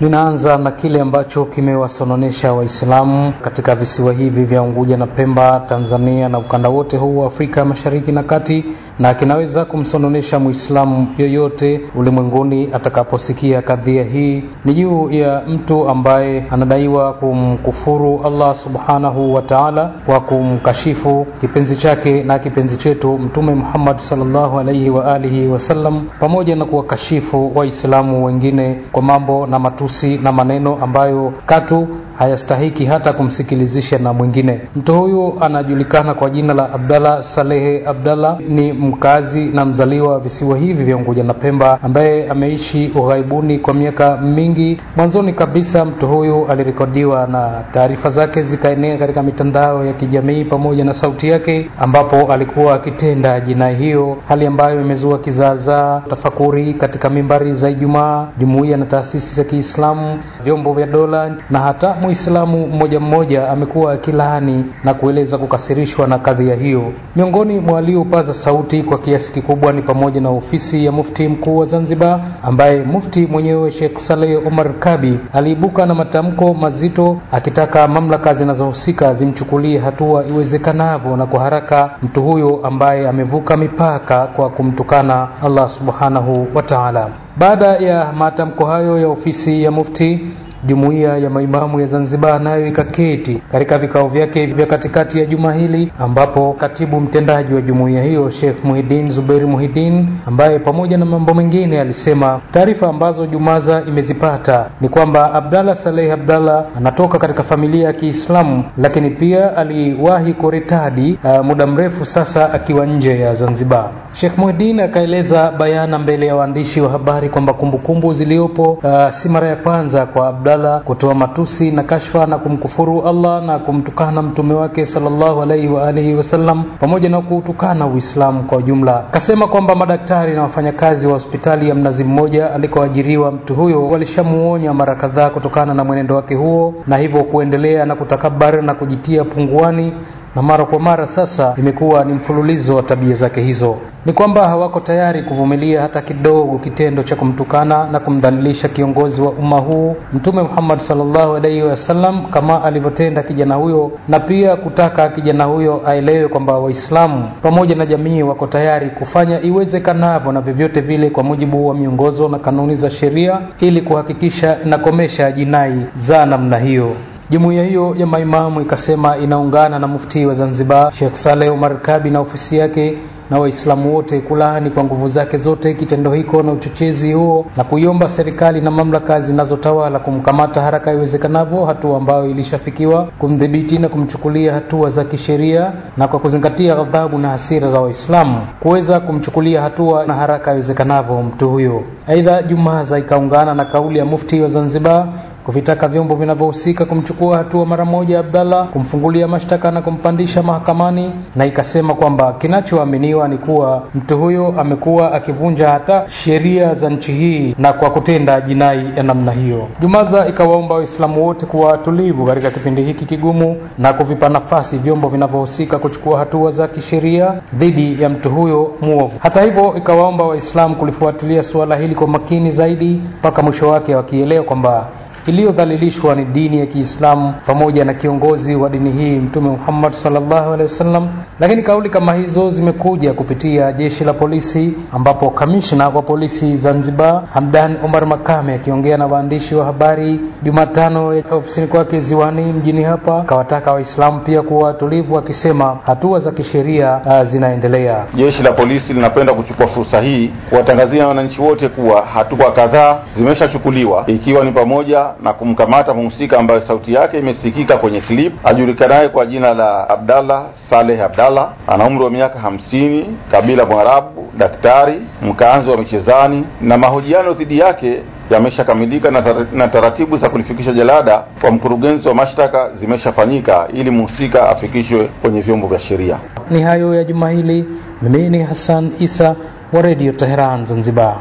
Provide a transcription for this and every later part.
Ninaanza na kile ambacho kimewasononesha Waislamu katika visiwa hivi vya Unguja na Pemba, Tanzania na ukanda wote huu wa Afrika Mashariki na Kati, na kinaweza kumsononesha mwislamu yoyote ulimwenguni atakaposikia kadhia hii. Ni juu ya mtu ambaye anadaiwa kumkufuru Allah subhanahu wataala kwa kumkashifu kipenzi chake na kipenzi chetu Mtume Muhammad sallallahu alaihi wa wasallam, pamoja na kuwakashifu Waislamu wengine kwa mambo na matusi matusi na maneno ambayo katu hayastahiki hata kumsikilizisha na mwingine. Mtu huyu anajulikana kwa jina la Abdallah Salehe Abdallah, ni mkazi na mzaliwa visiwa hivi vya Unguja na Pemba, ambaye ameishi ughaibuni kwa miaka mingi. Mwanzoni kabisa, mtu huyu alirekodiwa na taarifa zake zikaenea katika mitandao ya kijamii pamoja na sauti yake, ambapo alikuwa akitenda jinai hiyo, hali ambayo imezua kizaazaa, tafakuri katika mimbari za Ijumaa, jumuiya na taasisi za Kiislamu Waislamu, vyombo vya dola na hata Muislamu mmoja mmoja amekuwa akilaani na kueleza kukasirishwa na kadhia hiyo. Miongoni mwa waliopaza sauti kwa kiasi kikubwa ni pamoja na ofisi ya mufti mkuu wa Zanzibar, ambaye mufti mwenyewe Sheikh Saleh Omar Kabi aliibuka na matamko mazito akitaka mamlaka zinazohusika zimchukulie hatua iwezekanavyo na kwa haraka mtu huyo ambaye amevuka mipaka kwa kumtukana Allah subhanahu wa ta'ala. Baada ya matamko hayo ya ofisi ya Mufti Jumuiya ya maimamu ya Zanzibar nayo ikaketi katika vikao vyake vya katikati ya juma hili, ambapo katibu mtendaji wa jumuiya hiyo Sheikh Muhidin Zuberi Muhidin, ambaye pamoja na mambo mengine alisema taarifa ambazo Jumaza imezipata ni kwamba Abdallah Saleh Abdallah anatoka katika familia ya Kiislamu, lakini pia aliwahi kuretadi uh, eh, muda mrefu sasa akiwa nje ya Zanzibar. Sheikh Muhidin akaeleza bayana mbele ya waandishi wa habari kwamba kumbukumbu ziliyopo uh, eh, si mara ya kwanza kwa Abdallah badala kutoa matusi na kashfa na kumkufuru Allah na kumtukana mtume wake sallallahu alaihi wa alihi wasallam pamoja na kuutukana Uislamu kwa ujumla. Kasema kwamba madaktari na wafanyakazi wa hospitali ya Mnazi Mmoja alikoajiriwa mtu huyo walishamuonya mara kadhaa kutokana na mwenendo wake huo, na hivyo kuendelea na kutakabar na kujitia punguani na mara kwa mara sasa imekuwa ni mfululizo wa tabia zake hizo. Ni kwamba hawako tayari kuvumilia hata kidogo kitendo cha kumtukana na kumdhalilisha kiongozi wa umma huu Mtume Muhammad salllahu alaihi wasallam kama alivyotenda kijana huyo, na pia kutaka kijana huyo aelewe kwamba Waislamu pamoja na jamii wako tayari kufanya iwezekanavyo na vyovyote vile kwa mujibu wa miongozo na kanuni za sheria ili kuhakikisha inakomesha jinai za namna hiyo. Jumuiya hiyo ya maimamu ikasema inaungana na mufti wa Zanzibar Sheikh Saleh Omar Kabi na ofisi yake na Waislamu wote kulaani kwa nguvu zake zote kitendo hiko na uchochezi huo na kuiomba serikali na mamlaka zinazotawala kumkamata haraka iwezekanavyo, hatua ambayo ilishafikiwa, kumdhibiti na kumchukulia hatua za kisheria, na kwa kuzingatia ghadhabu na hasira za Waislamu kuweza kumchukulia hatua na haraka iwezekanavyo mtu huyo. Aidha, Jumaza ikaungana na kauli ya mufti wa Zanzibar kuvitaka vyombo vinavyohusika kumchukua hatua mara moja Abdalla, kumfungulia mashtaka na kumpandisha mahakamani, na ikasema kwamba kinachoaminiwa ni kuwa mtu huyo amekuwa akivunja hata sheria za nchi hii na kwa kutenda jinai ya namna hiyo. Jumaza ikawaomba Waislamu wote kuwa watulivu katika kipindi hiki kigumu na kuvipa nafasi vyombo vinavyohusika kuchukua hatua za kisheria dhidi ya mtu huyo muovu. Hata hivyo, ikawaomba Waislamu kulifuatilia suala hili kwa makini zaidi mpaka mwisho wake, wakielewa kwamba iliyodhalilishwa ni dini ya Kiislamu pamoja na kiongozi wa dini hii Mtume Muhammad sallallahu alaihi wasallam. Lakini kauli kama hizo zimekuja kupitia jeshi la polisi, ambapo kamishna wa polisi Zanzibar Hamdan Omar Makame akiongea na waandishi wa habari Jumatano ya ofisini kwake Ziwani mjini hapa kawataka Waislamu pia kuwa watulivu, akisema hatua za kisheria uh, zinaendelea. Jeshi la polisi linapenda kuchukua fursa hii kuwatangazia wananchi wote kuwa hatua kadhaa zimeshachukuliwa ikiwa ni pamoja na kumkamata mhusika ambaye sauti yake imesikika kwenye klip ajulikanaye kwa jina la Abdallah Saleh Abdallah, ana umri wa miaka hamsini, kabila Mwarabu, daktari, mkaanzi wa Michezani, na mahojiano dhidi yake yameshakamilika na taratibu za kulifikisha jalada kwa mkurugenzi wa mashtaka zimeshafanyika ili mhusika afikishwe kwenye vyombo vya sheria. Ni hayo ya juma hili. Mimi ni Hassan Isa wa redio Tehran Zanzibar.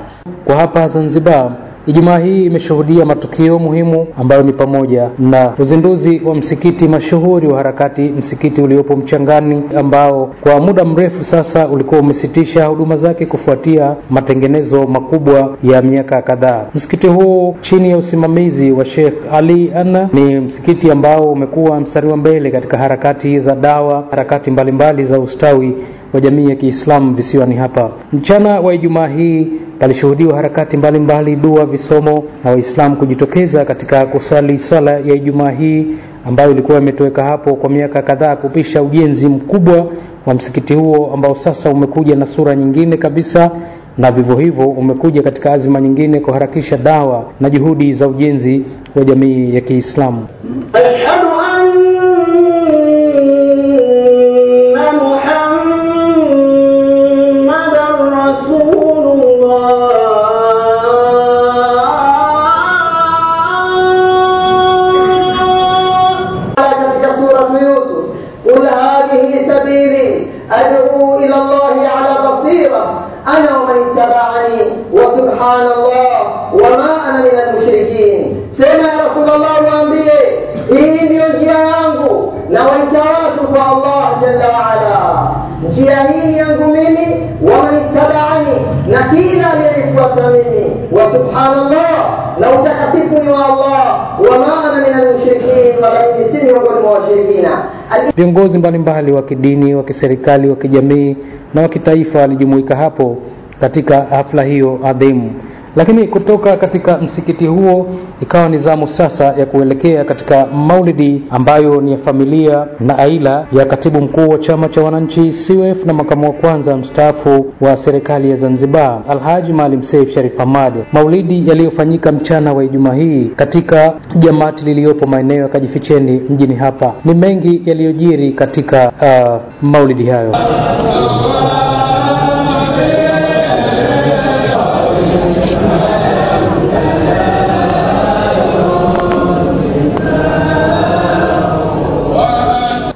Kwa hapa Zanzibar Ijumaa hii imeshuhudia matukio muhimu ambayo ni pamoja na uzinduzi wa msikiti mashuhuri wa harakati, msikiti uliopo Mchangani ambao kwa muda mrefu sasa ulikuwa umesitisha huduma zake kufuatia matengenezo makubwa ya miaka kadhaa. Msikiti huu chini ya usimamizi wa Sheikh Ali Anna ni msikiti ambao umekuwa mstari wa mbele katika harakati za dawa, harakati mbalimbali za ustawi wa jamii ya Kiislamu visiwani hapa. Mchana wa Ijumaa hii palishuhudiwa harakati mbalimbali mbali, dua, visomo na Waislamu kujitokeza katika kusali sala ya Ijumaa hii ambayo ilikuwa imetoweka hapo kwa miaka kadhaa kupisha ujenzi mkubwa wa msikiti huo ambao sasa umekuja na sura nyingine kabisa na vivyo hivyo umekuja katika azima nyingine kuharakisha dawa na juhudi za ujenzi wa jamii ya Kiislamu. njia hii yangu mimi wamanitabaani na kila aliyenifuata mimi wa subhanallah na utakatifu ni wa allah wama ana min almushrikin wala mimi si miongoni mwa washirikina viongozi mbalimbali wa kidini wa kiserikali wa kijamii na wa kitaifa walijumuika hapo katika hafla hiyo adhimu lakini kutoka katika msikiti huo ikawa ni zamu sasa ya kuelekea katika maulidi ambayo ni ya familia na aila ya katibu mkuu wa chama cha wananchi CUF na makamu wa kwanza mstaafu wa serikali ya Zanzibar Alhaji Maalim Seif Sharif Hamad, maulidi yaliyofanyika mchana wa Ijumaa hii katika jamati liliyopo maeneo ya Kajificheni mjini hapa. Ni mengi yaliyojiri katika uh, maulidi hayo.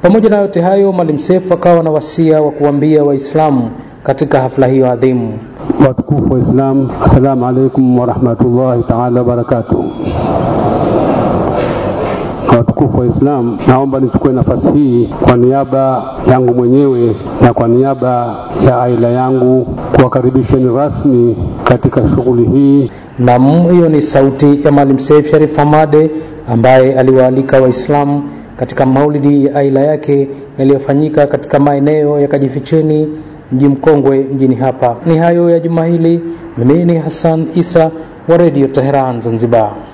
Pamoja na yote hayo, Mwalimu Seif akawa na wasia wa kuambia Waislamu katika hafla hiyo adhimu. Watukufu Waislamu, assalamu alaikum warahmatullahi taala wabarakatuh. Watukufu wa Islam, naomba nichukue nafasi hii kwa niaba yangu mwenyewe na kwa niaba ya aila yangu kuwakaribisheni rasmi katika shughuli hii. Nam, hiyo ni sauti ya Mwalimu Seif Sharif Hamade ambaye aliwaalika Waislamu katika maulidi ya aila yake yaliyofanyika katika maeneo ya Kajificheni, mji mkongwe mjini hapa. Ni hayo ya juma hili. Mimi ni Hassan Isa wa Radio Tehran Zanzibar.